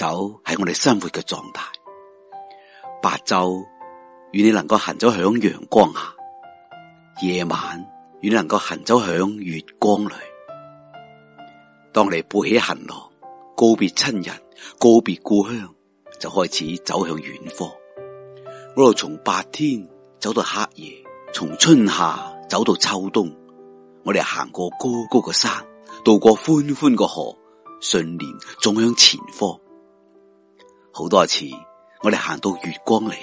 走係我哋生活嘅狀態。白晝願你能夠行走響陽光下，夜晚願你能夠行走響月光裏。當你背起行囊，告別親人，告別故鄉，就開始走向遠方。我哋從白天走到黑夜，從春夏走到秋冬。我哋行過高高嘅山，渡過寬寬嘅河，信念走向前方。好多次，我哋行到月光裏，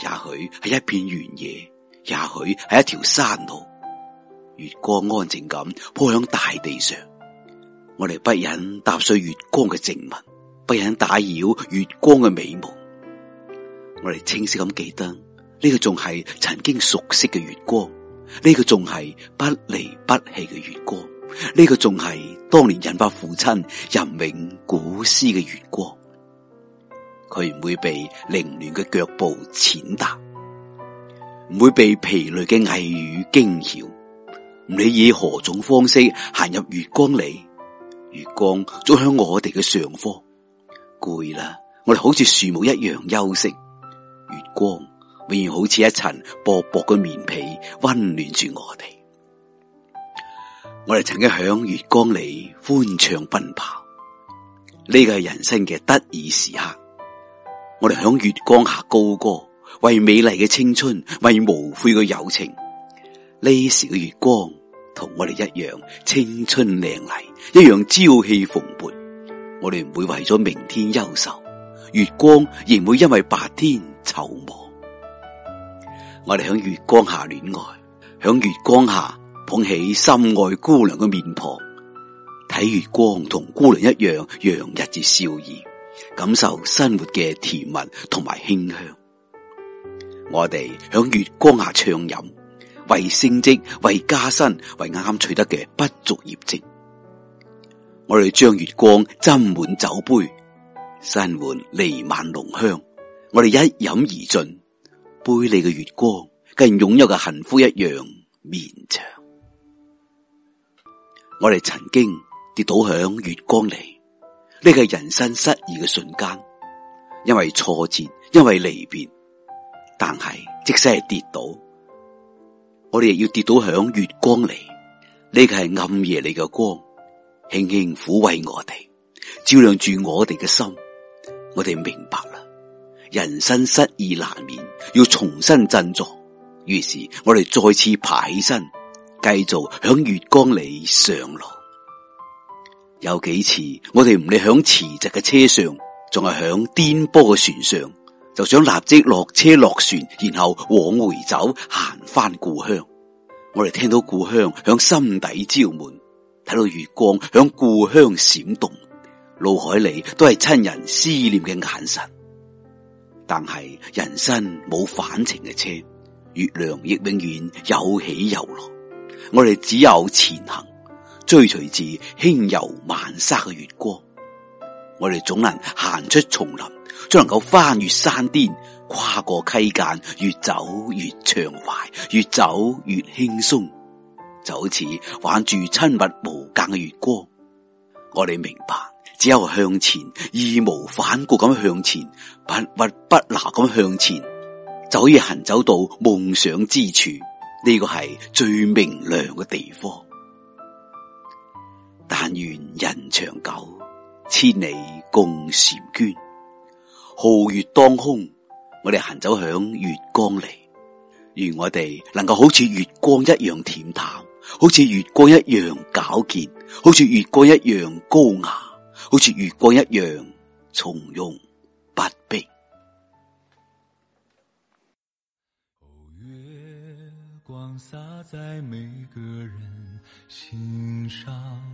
也許係一片原野，也許係一條山路。月光安靜咁鋪響大地上，我哋不忍踏碎月光嘅靜默，不忍打擾月光嘅美夢。我哋清晰咁記得，呢個仲係曾經熟悉嘅月光，呢個仲係不離不棄嘅月光，呢個仲係當年引發父親吟詠古詩嘅月光。佢唔會被凌亂嘅腳步踐踏，唔會被疲累嘅微雨驚擾，唔理以何種方式行入月光裏，月光總向我哋嘅上方。攰啦，我哋好似樹木一樣休息。月光永遠好似一層薄薄嘅棉被，溫暖住我哋。我哋曾經響月光裏歡唱奔跑，呢個係人生嘅得意時刻。我哋響月光下高歌，為美麗嘅青春，為無悔嘅友情。呢時嘅月光同我哋一樣青春靚麗，一樣朝氣蓬勃。我哋唔會為咗明天憂愁，月光亦唔會因為白天愁望。我哋響月光下戀愛，響月光下捧起心愛姑娘嘅面龐，睇月光同姑娘一樣洋溢住笑意。感受生活嘅甜蜜同埋馨香，我哋響月光下暢飲，為升職，為加薪，為啱啱取得嘅不足業績。我哋將月光斟滿酒杯，身伴彌漫濃香，我哋一飲而盡，杯裏嘅月光，跟擁有嘅幸福一樣綿長。我哋曾經跌倒響月光裏。呢個人生失意嘅瞬間，因為挫折，因為離別，但係即使係跌倒，我哋亦要跌倒響月光裏。呢、這個係暗夜裏嘅光，輕輕撫慰我哋，照亮住我哋嘅心。我哋明白啦，人生失意難免，要重新振作。於是，我哋再次爬起身，繼續響月光裏上路。有幾次我哋唔理響辭職嘅車上，仲係響顛簸嘅船上，就想立即落車落船，然後往回走，行翻故鄉。我哋聽到故鄉響心底招門，睇到月光響故鄉閃動，腦海裏都係親人思念嘅眼神。但係人生冇返程嘅車，月亮亦永遠有起有落，我哋只有前行。追隨住輕柔漫沙嘅月光，我哋總能行出叢林，將能夠翻越山巔，跨過溪澗，越走越暢懷，越走越輕鬆。就好似挽住親密無間嘅月光，我哋明白，只有向前，義無反顧咁向前，畢畢不屈不撓咁向前，就可以行走到夢想之處。呢、這個係最明亮嘅地方。但願人長久，千里共嬋娟。皓月當空，我哋行走響月光嚟。願我哋能夠好似月光一樣恬淡，好似月光一樣皎潔，好似月光一樣高雅，好似月光一樣從容不迫。月光灑在每個人心上。